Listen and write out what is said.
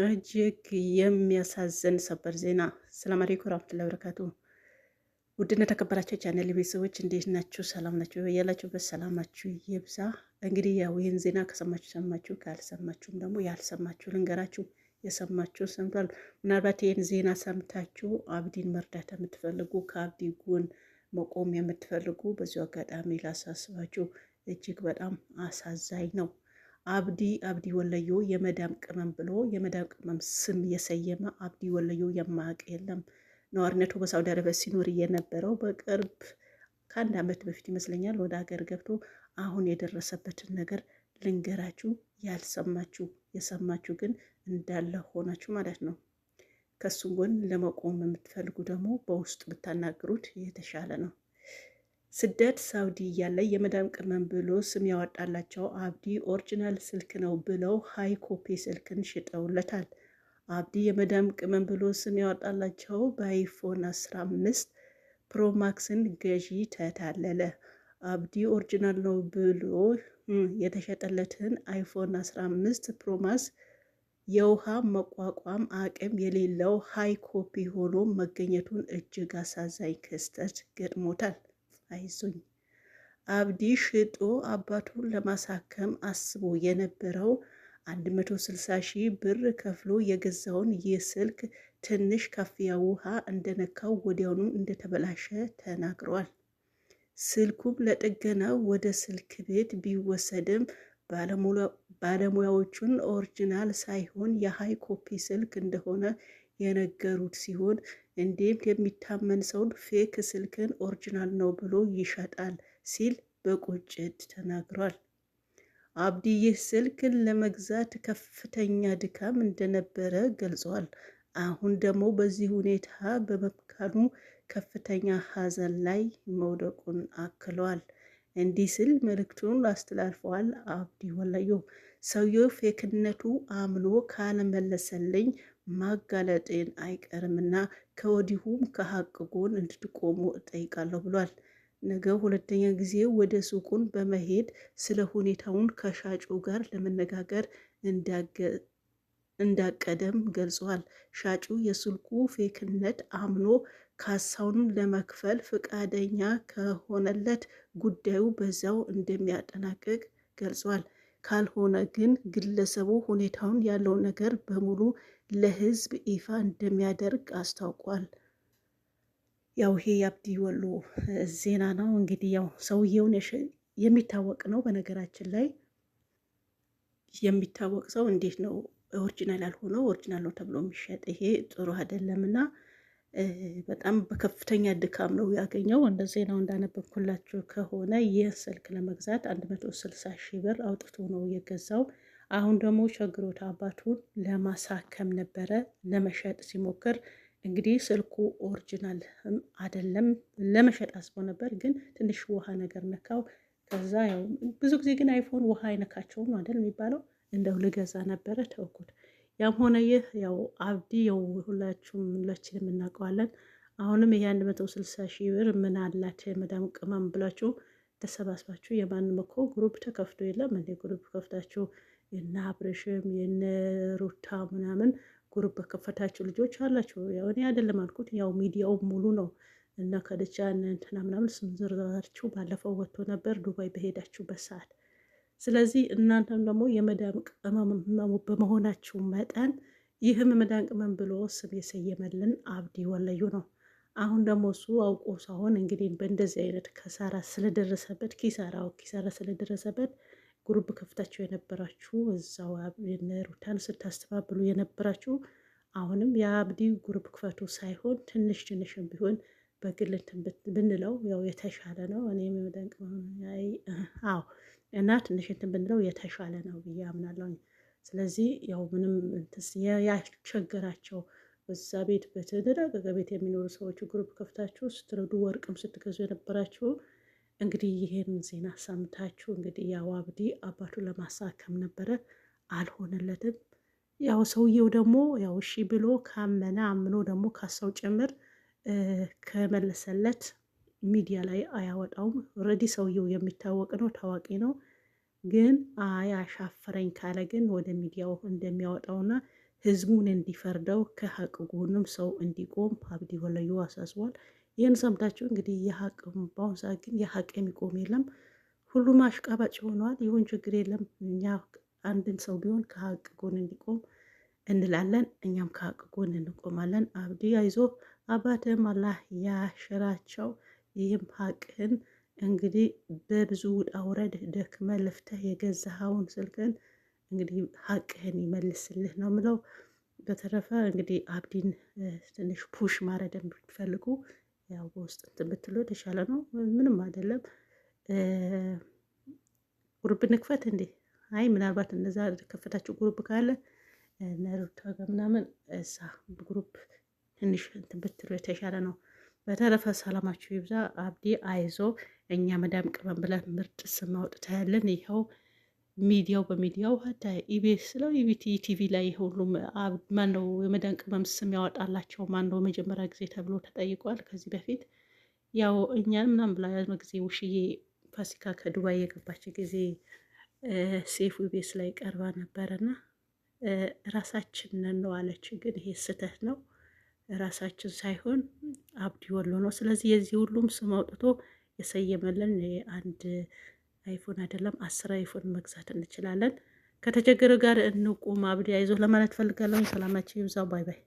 እጅግ የሚያሳዝን ሰበር ዜና። ሰላም አለይኩም ወራህመቱላሂ ወበረካቱ። ውድና ተከበራችሁ ቻናል ቤተሰቦች እንዴት ናችሁ? ሰላም ናችሁ? ያላችሁበት ሰላማችሁ ይብዛ። እንግዲህ ያው ይህን ዜና ከሰማችሁ ሰማችሁ፣ ካልሰማችሁም ደግሞ ያልሰማችሁ ልንገራችሁ፣ የሰማችሁ ሰምቷል። ምናልባት ይህን ዜና ሰምታችሁ አብዲን መርዳት የምትፈልጉ ከአብዲ ጎን መቆም የምትፈልጉ በዚሁ አጋጣሚ ላሳስባችሁ፣ እጅግ በጣም አሳዛኝ ነው። አብዲ አብዲ ወለዮ የመዳም ቅመም ብሎ የመዳም ቅመም ስም የሰየመ አብዲ ወለዮ የማያውቅ የለም። ነዋሪነቱ በሳውዲ አረቢያ ሲኖር የነበረው በቅርብ ከአንድ ዓመት በፊት ይመስለኛል ወደ ሀገር ገብቶ አሁን የደረሰበትን ነገር ልንገራችሁ። ያልሰማችሁ የሰማችሁ ግን እንዳለ ሆናችሁ ማለት ነው። ከሱ ጎን ለመቆም የምትፈልጉ ደግሞ በውስጥ ብታናግሩት የተሻለ ነው። ስደት ሳውዲ እያለ የመዳም ቅመም ብሎ ስም ያወጣላቸው አብዲ ኦሪጂናል ስልክ ነው ብለው ሀይ ኮፒ ስልክን ሽጠውለታል። አብዲ የመዳም ቅመም ብሎ ስም ያወጣላቸው በአይፎን 15 ፕሮማክስን ገዢ ተታለለ። አብዲ ኦሪጂናል ነው ብሎ የተሸጠለትን አይፎን 15 ፕሮማክስ የውሃ መቋቋም አቅም የሌለው ሃይ ኮፒ ሆኖ መገኘቱን እጅግ አሳዛኝ ክስተት ገጥሞታል። አይዞኝ አብዲ ሽጦ አባቱን ለማሳከም አስቦ የነበረው 160 ሺህ ብር ከፍሎ የገዛውን የስልክ ትንሽ ካፊያ ውሃ እንደነካው ወዲያውኑ እንደተበላሸ ተናግሯል። ስልኩም ለጥገና ወደ ስልክ ቤት ቢወሰድም ባለሙያዎቹን ኦሪጂናል ሳይሆን የሃይ ኮፒ ስልክ እንደሆነ የነገሩት ሲሆን እንዴም የሚታመን ሰውን ፌክ ስልክን ኦሪጂናል ነው ብሎ ይሸጣል ሲል በቁጭት ተናግሯል። አብዲ ይህ ስልክን ለመግዛት ከፍተኛ ድካም እንደነበረ ገልጿል። አሁን ደግሞ በዚህ ሁኔታ በመካኑ ከፍተኛ ሀዘን ላይ መውደቁን አክሏል። እንዲህ ስል መልእክቱን አስተላልፈዋል አብዲ ወላዮ። ሰውየው ፌክነቱ አምኖ ካለመለሰልኝ ማጋለጤን አይቀርምና ከወዲሁም ከሀቅ ጎን እንድትቆሙ እጠይቃለሁ ብሏል። ነገ ሁለተኛ ጊዜ ወደ ሱቁን በመሄድ ስለ ሁኔታውን ከሻጩ ጋር ለመነጋገር እንዳቀደም ገልጿል። ሻጩ የስልኩ ፌክነት አምኖ ካሳውን ለመክፈል ፈቃደኛ ከሆነለት ጉዳዩ በዛው እንደሚያጠናቅቅ ገልጿል። ካልሆነ ግን ግለሰቡ ሁኔታውን ያለውን ነገር በሙሉ ለህዝብ ይፋ እንደሚያደርግ አስታውቋል። ያው ይሄ የአብዲ ወሎ ዜና ነው። እንግዲህ ያው ሰውየውን የሚታወቅ ነው። በነገራችን ላይ የሚታወቅ ሰው እንዴት ነው ኦሪጂናል ያልሆነው ኦሪጂናል ነው ተብሎ የሚሸጥ? ይሄ ጥሩ አይደለም እና በጣም በከፍተኛ ድካም ነው ያገኘው። እንደ ዜናው እንዳነበብኩላችሁ ከሆነ ይህ ስልክ ለመግዛት 160 ሺ ብር አውጥቶ ነው የገዛው። አሁን ደግሞ ቸግሮት አባቱን ለማሳከም ነበረ ለመሸጥ ሲሞክር እንግዲህ ስልኩ ኦሪጂናል አይደለም፣ ለመሸጥ አስቦ ነበር፣ ግን ትንሽ ውሃ ነገር ነካው። ከዛ ያው ብዙ ጊዜ ግን አይፎን ውሃ አይነካቸውም አይደል የሚባለው፣ እንደው ልገዛ ነበረ ተውኩት። ያም ሆነ ይህ ያው አብዲ ያው ሁላችሁም ሁላችን የምናውቀዋለን። አሁንም ይሄ አንድ መቶ ስልሳ ሺህ ብር ምን አላት የመዳም ቅመም ብላችሁ ተሰባስባችሁ የማንም እኮ ግሩፕ ተከፍቶ የለም እንደ ግሩፕ ከፍታችሁ የነ አብርሽም የነ ሩታ ምናምን ግሩፕ በከፈታችሁ ልጆች አላችሁ። ያው እኔ አይደለም አልኩት፣ ያው ሚዲያው ሙሉ ነው እና ከደቻ እንትና ምናምን ስም ዝርዝራችሁ ባለፈው ወጥቶ ነበር ዱባይ በሄዳችሁበት ሰዓት ስለዚህ እናንተም ደግሞ የመዳም ቅመም በመሆናችሁ መጠን ይህም መዳም ቅመም ብሎ ስም የሰየመልን አብዲ ወለዩ ነው። አሁን ደግሞ እሱ አውቆ ሳሆን እንግዲህ በእንደዚህ አይነት ከሳራ ስለደረሰበት ኪሳራው ኪሳራ ስለደረሰበት ግሩፕ ከፍታችሁ የነበራችሁ እዛው ሩታን ስታስተባብሉ የነበራችሁ አሁንም የአብዲ ግሩፕ ክፈቱ ሳይሆን ትንሽ ትንሽም ቢሆን በግል እንትን ብንለው ያው የተሻለ ነው። እኔ የሚመደንቅ አዎ እና ትንሽ እንትን ብንለው የተሻለ ነው ብዬ አምናለሁ። ስለዚህ ያው ምንም ያስቸገራቸው በዛ ቤት በተደረገ ቤት የሚኖሩ ሰዎች ግሩፕ ከፍታችሁ ስትረዱ ወርቅም ስትገዙ የነበራችሁ እንግዲህ ይሄን ዜና ሰምታችሁ እንግዲህ ያው አብዲ አባቱ ለማሳከም ነበረ፣ አልሆነለትም። ያው ሰውየው ደግሞ ያው እሺ ብሎ ካመነ አምኖ ደግሞ ካሳው ጭምር ከመለሰለት ሚዲያ ላይ አያወጣውም። ረዲ ሰውየው የሚታወቅ ነው፣ ታዋቂ ነው። ግን አይ አሻፈረኝ ካለ ግን ወደ ሚዲያው እንደሚያወጣውና ህዝቡን እንዲፈርደው ከሀቅ ጎንም ሰው እንዲቆም አብዲ ወልዩ አሳስቧል። ይህን ሰምታችሁ እንግዲህ የሀቅ በአሁኑ ሰዓት ግን የሀቅ የሚቆም የለም። ሁሉም አሽቃባጭ ሆነዋል። ይሁን ችግር የለም። እኛ አንድን ሰው ቢሆን ከሀቅ ጎን እንዲቆም እንላለን። እኛም ከሀቅ ጎን እንቆማለን። አብዲ አይዞህ አባትም አላህ ያሽራቸው። ይህም ሀቅህን እንግዲህ በብዙ ውጣ ውረድ ደክመ ልፍተህ የገዛኸውን ስልክን እንግዲህ ሀቅህን ይመልስልህ ነው ምለው። በተረፈ እንግዲህ አብዲን ትንሽ ፑሽ ማረድ የምትፈልጉ ያው በውስጥ እንትን ብትሉ የተሻለ ነው። ምንም አይደለም። ጉርብ ንክፈት እንዴ? አይ ምናልባት እነዛ ከፈታችሁ ጉሩብ ካለ ነሩታ ምናምን እሳ ጉሩብ ትንሽ ብትሉ የተሻለ ነው። በተረፈ ሰላማችሁ ይብዛ። አብዲ አይዞ፣ እኛ መዳም ቅመም ብለን ምርጥ ስም አውጥተናል። ይኸው ሚዲያው በሚዲያው ታ ኢቤስ ስለው ኢቢቲ ቲቪ ላይ ሁሉም ማነው የመዳን ቅመም ስም ያወጣላቸው ማነው መጀመሪያ ጊዜ ተብሎ ተጠይቋል። ከዚህ በፊት ያው እኛን ምናም ብላ ያዝነው ጊዜ ውሽዬ ፋሲካ ከዱባይ የገባች ጊዜ ሴፉ ኢቤስ ላይ ቀርባ ነበረና ራሳችንን ነው አለች። ግን ይሄ ስህተት ነው። ራሳችን ሳይሆን አብዲ ወሎ ነው። ስለዚህ የዚህ ሁሉም ስም አውጥቶ የሰየመልን አንድ አይፎን አይደለም አስር አይፎን መግዛት እንችላለን። ከተቸገረ ጋር እንቁም። አብዲ አይዞ ለማለት ፈልጋለሁ። ሰላማችሁ ይብዛው። ባይ ባይ